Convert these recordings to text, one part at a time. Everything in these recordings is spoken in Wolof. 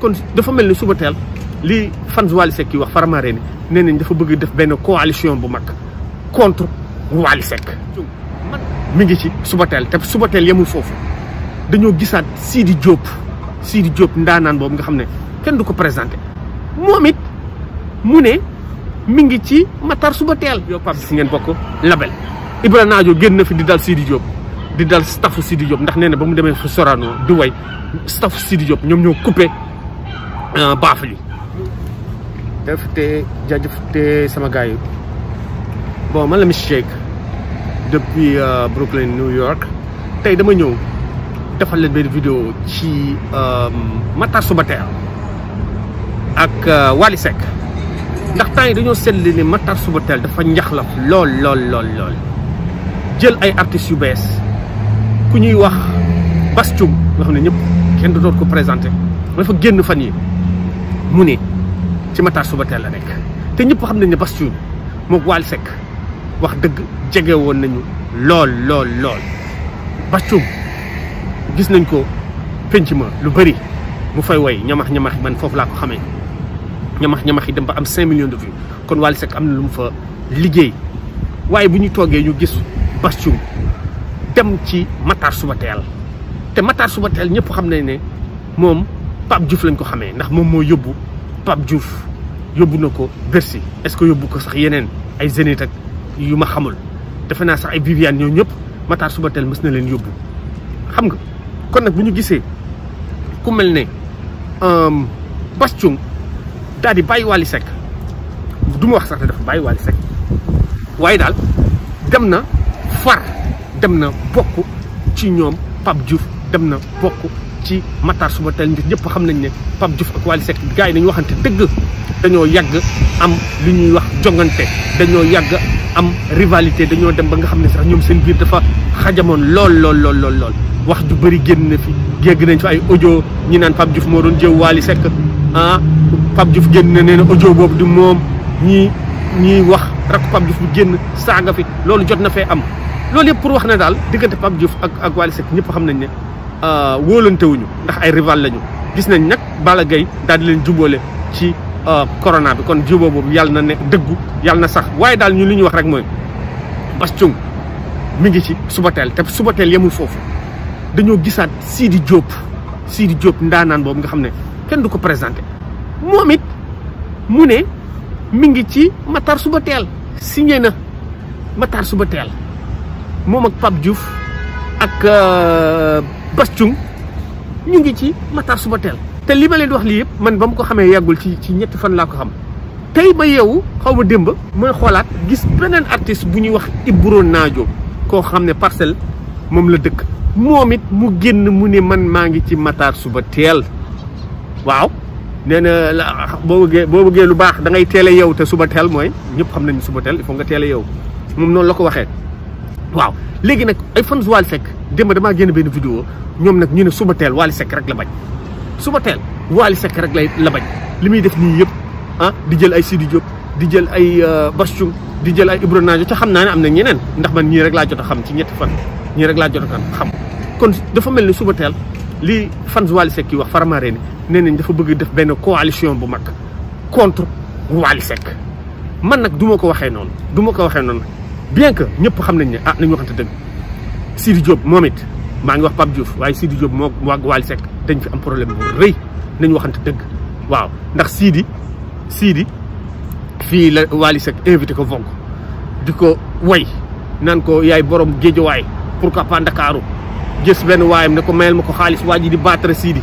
kon dafa mel ni suba li lii fans Wally kii yi wax Faramareen nee nañ dafa bëgg def benn coalition bu mag contre Wally Seck mi ngi ci suba te suba teel foofu dañoo gisaat Sidi Diop Sidi Diop ndaanaan boobu nga xam ne kenn du ko présenté moom it mu ne mi ngi ci Matar suba teel yow Pape si ngeen bokk label Ibra Naajo génn na fi di dal siidi Diop di dal staffu Sidi Diop ndax nee na ba mu demee fa Sorano du way staffu Sidi Diop ñoom ñoo coupé Euh, baafuli def te jaajëf sama gars bon man la Miss Shake depuis euh, Brooklyn New York tay dama ñew defal leen benn vidéo ci euh, Matar Soubatel ak Wally Seck ndax temps yi dañoo seetlu ne Matar Soubatel dafa njaxlaf lol lol lol lol jël ay artistes yu bees ku ñuy wax Bass nga xam ne kenn du ko présenter dafa génn fan yi mu ne ci Matar Subatel la nekk te ñëpp xam nañ ne Bass Thioung mook Wally Seck wax dëgg jege woon nañu lool lool lool Bass Thioung gis nañ ko penc ma lu bëri mu fay woy ñamax ñamax man foofu laa ko xamee ñamax ñamax yi dem ba am 5 millions de vues kon Wally Seck am na lu mu fa liggéey waaye bu ñu toogee ñu gis Bass dem ci Matar Subatel te suba Subatel ñëpp xam nañ ne moom Pape Diouf lañ ko xamé ndax mom mo yobbu Pape Diouf yobbu nako ko Bercy est-ce que yóbbu ko sax yenen ay Zénith ak yu ma xamul vous na sax ay Viviane ñoo ñep Matar Subatel mës na leen yobbu xam nga kon Vous buñu gissé ku mel ne euh, Bass vous di vous wax sax dafa na far dem na bokku ci ñom Pape Diouf dem na ci suba Subatel ngir ñëpp xam nañ ne Pape Diouf ak Wally Seck gars yi nañu waxante dëgg dañoo yàgg am li ñuy wax jongante dañoo yàgg am rivalité dañoo dem ba nga xam ne sax ñoom seen biir dafa xajamoon lool lool lool lool lool wax ju bëri génn na fi géeg nañ fa ay audio ñi naan Pape Diouf moo doon jëw Wally Seck ah Pape Diouf génn na nee na audio boobu du moom ñii ñii wax rakk Pape Diouf bu génn saaga fi loolu jot na fee am loolu yëpp pour wax ne daal diggante Pape Diouf ak ak Wally Seck ñëpp xam nañ ne Euh, wóolante wuñu ndax ay rival lañu gis nañ nag Balla Gaye daal di leen jubóole ci euh, corona bi kon jubóo boobu yàlla na ne dëggu yàlla na sax waaye daal ñu li ñuy wax rek mooy Bass Thioung mi ngi ci Subatel te Subatel yemul foofu dañoo gisaat Sidi Diop Sidi Diop ndaanaan boobu nga xam ne kenn du ko présenté moom it mu ne mi ngi ci Matar Subatel signé na Matar teel moom ak Pape Diouf ak. Euh, costume ñu ngi ci suba teel te li ma leen di wax lii yëpp man ba mu ko xamee yàggul ci ci ñetti fan laa ko xam tey ba yeewu xaw ma démb mooy xoolaat gis beneen artiste bu ñuy wax Ibro Naajo koo xam ne parcelle moom la dëkk moom it mu génn mu ne man maa ngi ci suba teel waaw nee na la boo bëggee boo bëggee lu baax dangay ngay teel a yeewu te suba teel mooy ñëpp xam nañu Soubatel il faut nga teel a yeewu moom noonu la ko waxee waaw léegi nag ay fans Wally Seck démb damaa génn benn vidéo ñoom nag ñu ne suba teel Wally Seck rek la bañ suba teel Wally Seck rek lay la bañ li muy def nii yëpp ah di jël ay Sidi Diop di jël ay euh, Bachoum di jël ay Ibro Nadio te xam naa ne am na ñeneen ndax man ñii rek laa jot a xam ci ñetti fan ñii rek laa jot a xam kon dafa mel ni suba teel li fans Wally Seck yi wax faramare ni nee nañ dafa bëgg def benn coalition bu mag contre Wally Seck man nag du ma ko waxee noonu du ma ko waxee noonu bien que ñëpp xam nañ ne ah nañu waxante dëgg Sidi Diop moom it maa ngi wax Pape Diouf waaye Sidi Diop moo waa Waly Seck dañ fi am problème bu rëy nañu waxante dëgg waaw ndax Sidi siidi fii la Waly Seck invité ko Vogue di ko way nan ko yaay borom géejawaay pourquoi pas Ndakaaru gis benn waayam ne ko mayel ma ko xaalis waa ji di baatare Sidi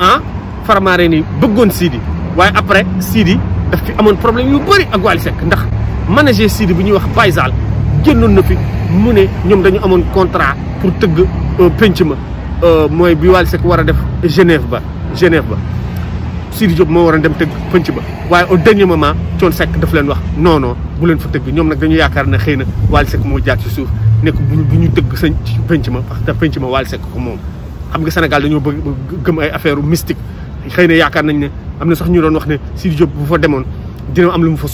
ah faramaare ni bëggoon Sidi waaye après Sidi daf fi amoon problème yu bëri ak Waly Seck ndax manager Sidi bu ñuy wax Baye génnoon na fi mu ne ñoom dañu amoon contrat pour tëgg euh, penc ma euh, mooy bi Wally Seck war a def Genève ba Genève ba Sidi Diop moo waroon dem tëgg penc ba waaye au dernier moment Thione Seck daf leen wax non non bu leen fa tëgg ñoom nag dañu yaakaar ne xëy na Wally Seck moo jaar ci suuf nekk bu ñu tëgg sa penc ma parce que penc ma Wally Seck ko moom. xam nga Sénégal dañoo bëgg gëm ay affaire mystique xëy na yaakaar nañ ne am na sax ñu doon wax ne Sidi Diop bu fa demoon dina am lu mu fa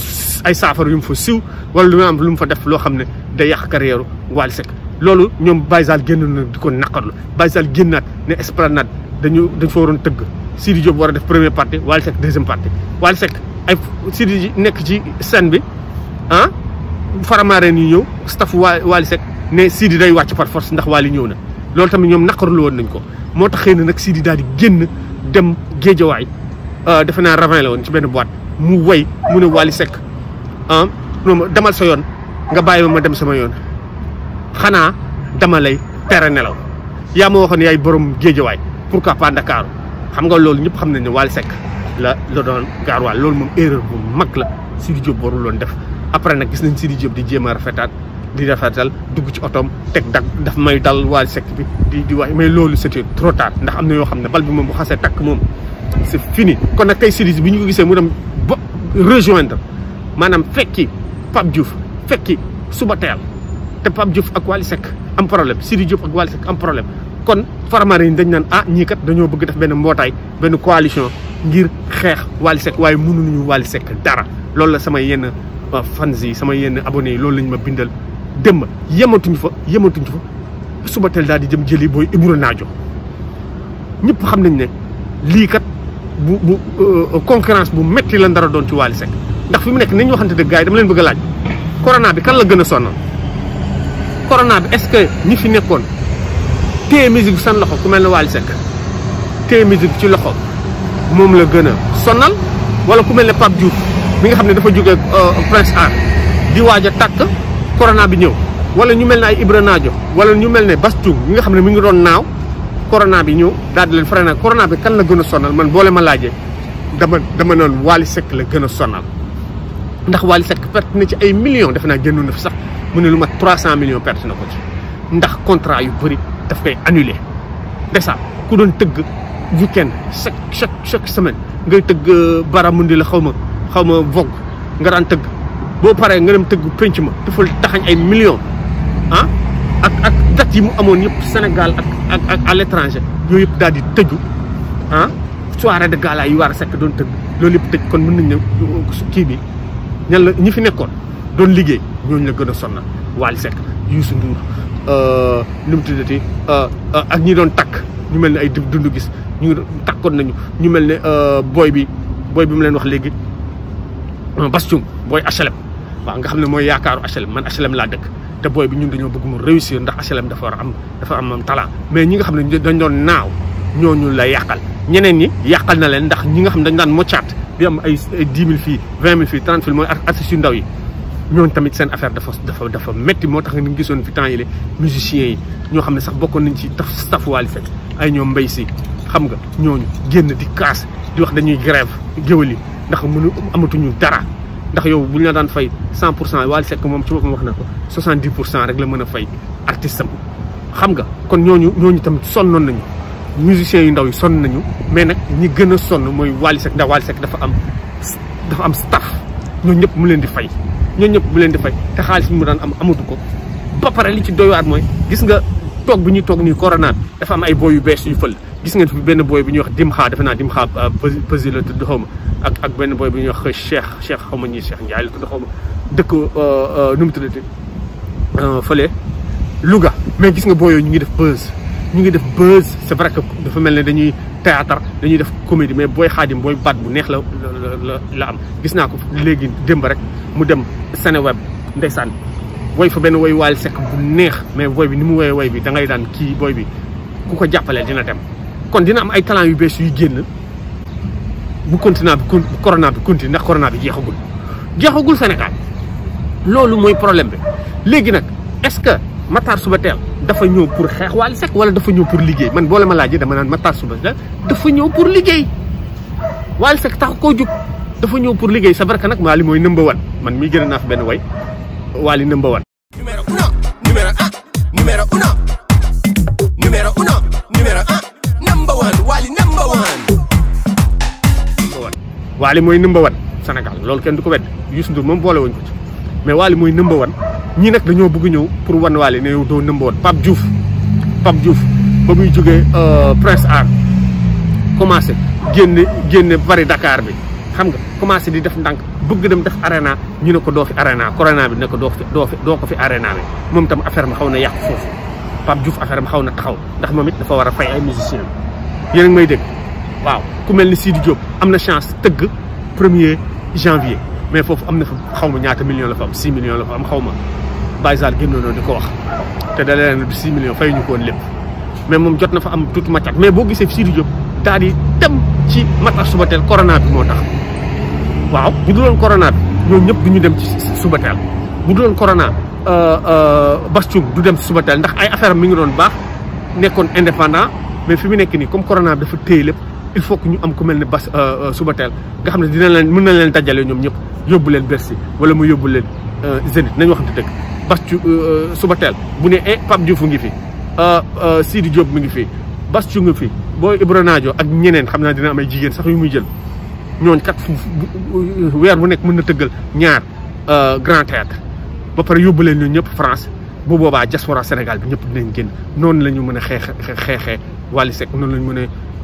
ay saafara yu mu fa siw wala lu am lu mu fa def loo xam ne day yàq carrière Wally Seck loolu ñoom Baye Sall génn na di ko naqarlu Baye Sall génnaat ne Esplanade dañu dañ fa waroon tëgg Sidi Diop war a def première partie Wally Seck deuxième partie Wally Seck ay Sidi nekk ci scène bi ah faramareen yi ñëw staff waa Wally Seck ne day wàcc par force ndax Wally ñëw na loolu tamit ñoom naqarlu woon nañ ko moo tax xëy na nag Sidi daal di génn dem géejawaay euh, defe naa ravin la woon ci benn boîte mu way mu ne Wally Seck ah, non demal sa yoon nga bayima ma dem sama yoon xana dama lay tere nelaw ya mo waxone yay borom way pourquoi pas Dakar xam nga lolou ñep xam nañ ne Wally Seck la la doon wal lolou mom erreur bu mag la Sidi job warul lon def après nak gis nañ Sidi job di jema rafetat di rafetal dugg ci tek dag daf may dal wal sek bi di di wax mais lolou c'était trop tard ndax amna yo xamne bal bi mom bu xasse tak mom c'est fini kon nak kay Sidi bi ñu ko gisee mu dem rejoindre manam fekki Pape Diouf fekki suba teel te Pape Diouf ak Wally Seck am problème Sidi Diop ak Wally Seck am problème kon Faramareen dañ naan ah ñii kat dañoo bëgg def benn mbootaay benn coalition ngir xeex Wally Seck waaye mënuñu Wally Seck dara loolu la sama yenn euh, fans yi sama yenn abonnés yi loolu lañ ma bindal démb yematuñu fa yematuñu fa suba teel daal di jëm jëli booy Ibro Naajo ñëpp xam nañ ne lii bu bu euh, concurrence bu metti lan dara doon ci Wally Seck ndax fi mu nekk ni nañu waxante dëgg gars yi dama leen bëgg a laaj corona bi kan la gën a sonal corona bi est-ce que ñi fi nekkoon téye musique bi seen loxo ku mel ne Wally Seck téye bi ci loxo moom la gën a sonal wala ku mel ne Pape Diouf mi nga xam ne dafa jógee euh, Prince Art di waaj a tàkk corona bi ñëw wala ñu mel ne ay Ibra Nadio wala ñu mel ne Bass Thioung mi nga xam ne mu ngi doon naaw corona bi ñëw daal di leen freiné corona bi kan la gën a sonal man boole ma laajee dama dama noonu waali sekk la gën a sonnal ndax Wally sekk perte na ci ay millions def naa génn na fi sax mu ne lu mat 300 millions perte na ko ci ndax contrat yu bëri daf koy annulé ndeysaan ku doon tëgg weekend chaque chaque chaque semaine ngay tëgg euh, bara baramundi la xaw ma xaw ma vogue nga daan tëgg boo paree nga dem tëgg penc ma dafal taxañ ay millions ah. ak ak date yi mu amoon yëpp Sénégal ak ak ak à l'étranger yooyu yëpp daal di tëju ah soirée de gala yu war a sekk doon tëgg loolu yëpp tëj kon mun nañ ne kii bi ñan la ñi fi nekkoon doon liggéey ñooñu la gën a sonna Wally Seck Youssou Ndour euh, nu mu tuddati euh, ak ñi doon takk ñu mel ni ay dund gis ñu takkoon nañu ñu mel ne euh, booy bi booy bi mu leen wax léegi Bass Thioung booy HLM waaw nga xam ne mooy yaakaaru HLM man HLM laa dëkk te boy bi ñun dañu bëgg mu réussir ndax HLM dafa war am dafa am talent mais ñi nga xamne dañ doon naaw ñooñu la yakal ñeneen ñi yakal na leen ndax ñi nga xamne ne dañ daan moccaat bi am ay 10000 fi 20000 fi 30000 moy trente yu ndaw yi ñoon tamit seen affaire dafa dafa dafa métti moo tax ñu gisoon fi temps yi le musiciens yi ño xamne sax bokkon nañ ci taf staff Wally fet ay ñoom mbay si xam nga ñooñu génn di casse di wax dañuy grève geewali ndax mënu amatu ñu dara ndax yow bu ñu la daan fay 100 pour cent Wally Seck moom ci boppam wax na ko 70 pour cent rek la mën a fay artiste am xam nga kon ñooñu ñooñu tamit sonnoon nañu musiciens yu ndaw yi sonn nañu mais nag ñi gën a sonn mooy Wally Seck ndax Wally Seck dafa am dafa am staff ñoo ñëpp mu leen di fay ñoo ñëpp mu leen di fay te xaalis bi mu daan am amatu ko ba li ci doy waar mooy gis nga toog bi ñuy toog nii corona dafa am ay boo yu bees yu fël gis ngeen fi benn booy bu ñu wax Dimxa defe naa Dimxa euh, Pasi la tudd xaw ma ak ak benn booy bu ñuy wax Cheikh Cheikh xaw ma ñuy Cheikh Ndiaye la tudd xaw ma dëkk euh, euh, nu mu tuddati fële Louga mais gis nga booyoo ñu ngi def buzz ñu ngi def buzz c'est vrai que dafa mel ne dañuy théâtre dañuy def comédie mais booy xaadim booy baat bu neex la la la am gis naa ko léegi démb rek mu dem Seneweb ndeysaan woy fa benn woy waal sekk bu neex mais booy bi ni mu woyee woy bi da ngay daan kii booy bi ku ko jàppale dina dem kon dina am ay talent yu bees yuy génn bu continent bi corona bi continue ndax bi jeexagul jeexagul Sénégal loolu mooy problème bi léegi nag est-ce que mataar Matar teel dafa ñëw pour xeex Wally Seck wala dafa ñëw pour liggéey man boo la ma laajee dama naan Matar Soubatel dafa ñëw pour liggéey Wally Seck tax koo jug dafa ñëw pour liggéey sa barka nag Wally mooy number one man mii gën a naa benn way Wally number one Wally mooy number one Sénégal loolu kenn du ko wedd Youssou Ndour moom boole wuñ ko mais Wally mooy number one ñii nag dañoo bëgg ñëw pour wan Wally ne doo number one Pape Diouf Pape Diouf ba muy jógee euh, Prince Art commencé génne génne bari Dakar bi xam nga commencé di def ndànk bëgg dem def arena ñu ne ko doo fi arena bi ne doo fi doo fi doo moom tam affaire ma xaw na yàqu foofu Pape Diouf affaire ma xaw na taxaw ndax moom it dafa war a fay ay musiciens yéen a ngi may dégg waaw ku mel Sidi Diop am na chance tëgg premier janvier mais foofu am na fa xaw ma ñaata millions la fa am 6 millions la fa am xaw ma Baye Sall génnoonoo di ko wax te da 6 millions fay ñu ko woon mais moom jot fa am tuuti matat mais boo gisee Sidi Diop daal di ci matat Subatel corona bi moo tax waaw bu duloon corona ñoo ñep duñu dem ci Subatel bu duloon corona euh, euh Thioung du dem ci Subatel ndax ay affaire mi ngi doon baax nekkoon indépendant mais fi mu nekk ni comme corona dafa téye lépp il faut que ñu am ku mel ne bas euh, euh, subateel nga xam ne dina leen mën na leen dajale ñoom ñëpp yóbbuleen leen Bercy wala mu yóbbu leen euh, Zénith nañu waxante dëgg bas cu Subatel bu ne eh Pape Diouf ngi fi Sidi Diop mi ngi fi bas cu ngi fi booy Ibra ak ñeneen xam naa dina am ay jigéen sax yu muy jël ñooñ kat weer bu nekk mën na tëggal ñaar grand théâtre ba pare yóbbu leen ñun ñëpp France bu boobaa diaspora Sénégal bi ñëpp dinañ génn noonu la ñu mën a xeex xeexee Wally Seck noonu la ñu mën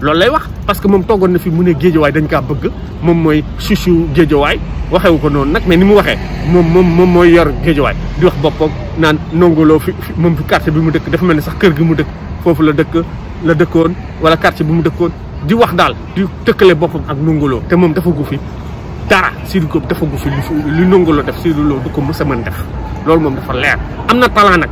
loolu lay wax parce que moom toogoon na fi mu ne géejawaay dañ kaa bëgg moom mooy chouchou géejawaay waxewu ko noonu nag mais ni mu waxee moom moom moom mooy yor géejawaay di wax boppam naan nongoloo fi moom fi quartier bi mu dëkk dafa mel ni sax kër gi mu dëkk foofu la dëkk la dëkkoon wala quartier bi mu dëkkoon di wax daal di tëkkale boppam ak nongoloo te moom dafa gu fi dara Sidy Diop dafa gu fi lu nongoloo def Sidy Diop du ko mës a mën def loolu moom dafa leer am na talent nag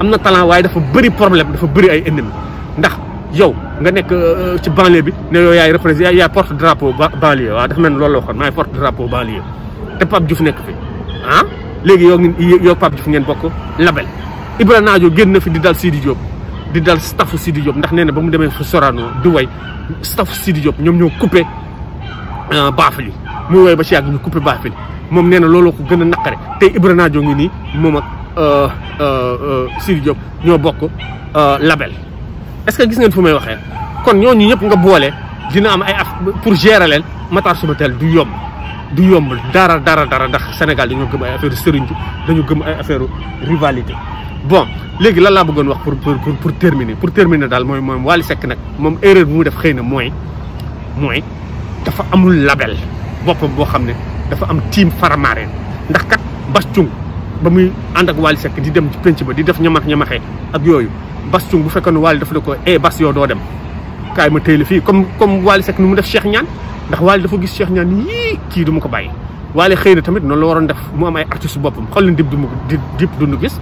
am na talent waaye dafa bëri problème dafa bëri ay ennemis ndax yow nga nekk euh, ci banlieue bi ne yow yaay représenté yaay porte drapeau banlieue waaw dafa mel ni loolu la waxoon maay porte drapeau banlieue te Pape Diouf nekk fi ah léegi yow yow Pape Diouf ngeen bokk label Ibra Naajo génn na fi di dal Sidi Diop di dal staffu Sidi Diop ndax nee na ba mu demee fu Sorano di way staffu Sidi Diop ñoom ñoo coupé euh, baafali muy way ba ci yàgg ñu coupé baafali moom nee na looloo ko gën a naqare te Ibra Naajo ngi nii moom ak euh, Sidi ñoo bokk label. est-ce que gis ngeen fu may waxee kon ñooñu ñëpp nga boole dina am ay af pour gérer leen Matar Subatel du yomb du yomb dara dara dara ndax Sénégal dañoo gëm ay affaire sëriñtu dañu gëm ay affaire rivalité. bon léegi lan laa bëggoon wax pour pour pour terminer pour terminer daal mooy mooy Wally sekk nag moom erreur bu mu def xëy na mooy mooy dafa amul label boppam boo xam ne dafa am tiim Faramareen ndax kat Bass ba muy ànd ak Wally Seck di dem ci penc ba di def ñamax ñamaxe ak yooyu Bass Thioung bu fekkoon Wally daf la ko eh Bass yow doo dem kaay ma téye la fii comme comme Wally Seck nu mu def seex Niane ndax Wally dafa gis Cheikh Niane yii kii du ko bàyyi. Wally xëy na tamit noonu la waroon def mu am ay artistes boppam xool leen dib du mu dib dund gis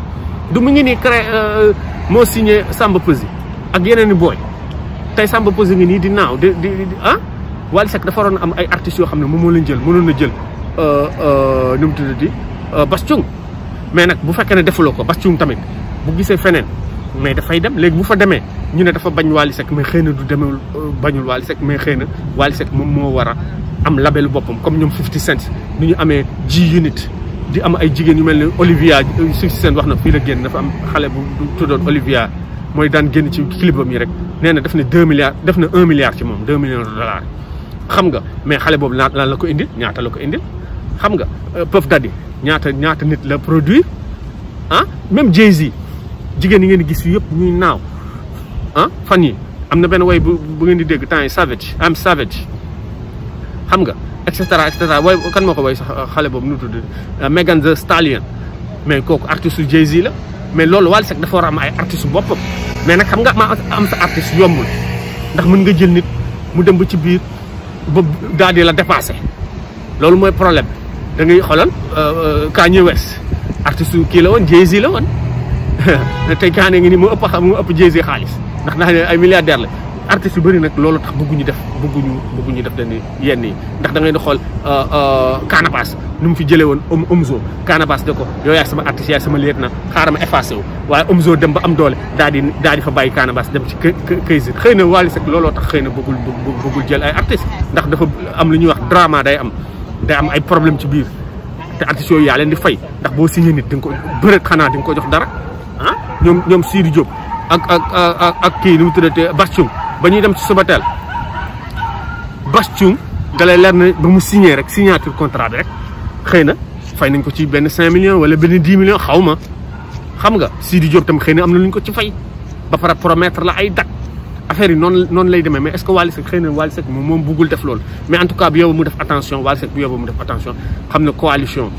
du mu ngi nii créé euh, moo signé Samba Peuzzi ak yeneen i booy tey Samba ngi nii di naaw di di ah Wally Seck dafa am ay artistes yoo xam ne moom moo leen jël mënoon na jël euh, euh, nu mu tuddati Bass Thioung mais nag bu fekkee ne defuloo ko Bass Thioung tamit bu gisee feneen mais dafay dem léegi bu fa demee ñu ne dafa bañ Wally Seck mais xëy na du demewul euh, bañul Wally Seck mais xëy na Wally Seck moom moo war a am labelu boppam comme ñoom 50 Cent nu ñu amee ji unit di am ay jigéen yu mel ne Olivia 50 euh, Cent wax na fii la génn dafa am xale bu tuddoon Olivia mooy daan génn ci clipam yi rek nee na def na 2 milliards def na un milliard ci moom 2 millions de dollars xam nga mais xale boobu lan la ko indil ñaata la ko indil xam nga euh, Puff Daddy ñaata ñaata nit la produire ah même Jay Z jigen yi ngeen gis fi yep ñuy naw ah fan yi am ben way bu ngeen di deg tan savage am savage xam nga et cetera et cetera way kan moko way sax ah, xalé bob nu tuddu ah, Megan the Stallion mais kooku artiste Jay Z la mais loolu wal sax dafa war am ay artiste boppam mais nak xam nga ma am sa artiste yomul ndax mën nga jël nit mu dem ba ci biir ba daal di la dépassé loolu mooy problème da ngay xolal Kanye West artiste ki la won Jay-Z la woon tay kané ngi ni mo ëpp xam mo ëpp Jay-Z xaliss ndax ndax ay milliardaire la artiste yu bari nak lolu tax bëgguñu def bëgguñu bëgguñu def dañuy yenn yi ndax da ngay xol euh euh nu num fi jëlé won om um, Omzo Canabasse de ko yo yaay sama artiste ya sama ya, lieutenant na effacé wu way Omzo dem ba am doole daal di daal di fa bàyyi Canabasse dem ci Kayz xeyna walis ak lolu tax xeyna bëggul bëggul jël ay artiste ndax dafa am lu ñuy wax drama day am day am ay problème ci biir te artistes yooyu yaa leen di fay ndax boo signé nit di nga ko bëreet xanaa di ko jox dara ah ñoom ñoom Sidi Diop ak ak ak ak kii nu mu te Bastium ba ñuy dem ci teel Bastium dalay leer na ba mu signé rek signature contrat bi rek xëy na fay nañ ko ci benn 5 millions wala benn 10 millions xaw ma xam nga Sidi Diop tam xëy na am na lu ko ci fay ba pare promettre la ay date affaire yi noonu lay demee mais est-ce que Wally Seck xëy na Wally Seck moom moom buggul def loolu mais en tout cas bu yow mu def attention Wally Seck bu yóbbu mu def attention xam ne coalition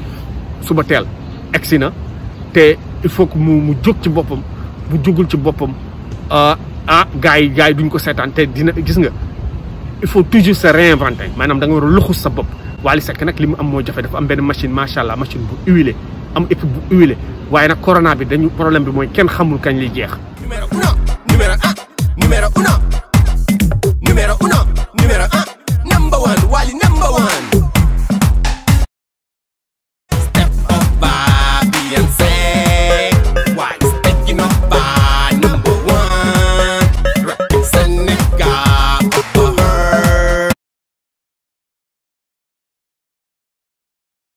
suba teel egsi na te il faut que mu mu jóg ci boppam bu jógul ci boppam euh, ah gars yi gars yi duñ ko seetaan te dina gis nga il faut toujours se réinventer maanaam da nga war a luxus sa bopp Wally Seck nag li mu am moo jafe dafa am benn machine macha allah machine bu huilé am équipe bu huilé waaye nag corona bi dañu problème bi mooy kenn xamul kañ lay jeex número uno.